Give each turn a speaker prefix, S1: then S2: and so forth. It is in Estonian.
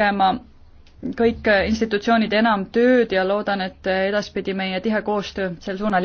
S1: tegema kõik institutsioonid enam tööd ja loodan, et edaspidi meie tihe koostöö sel suunal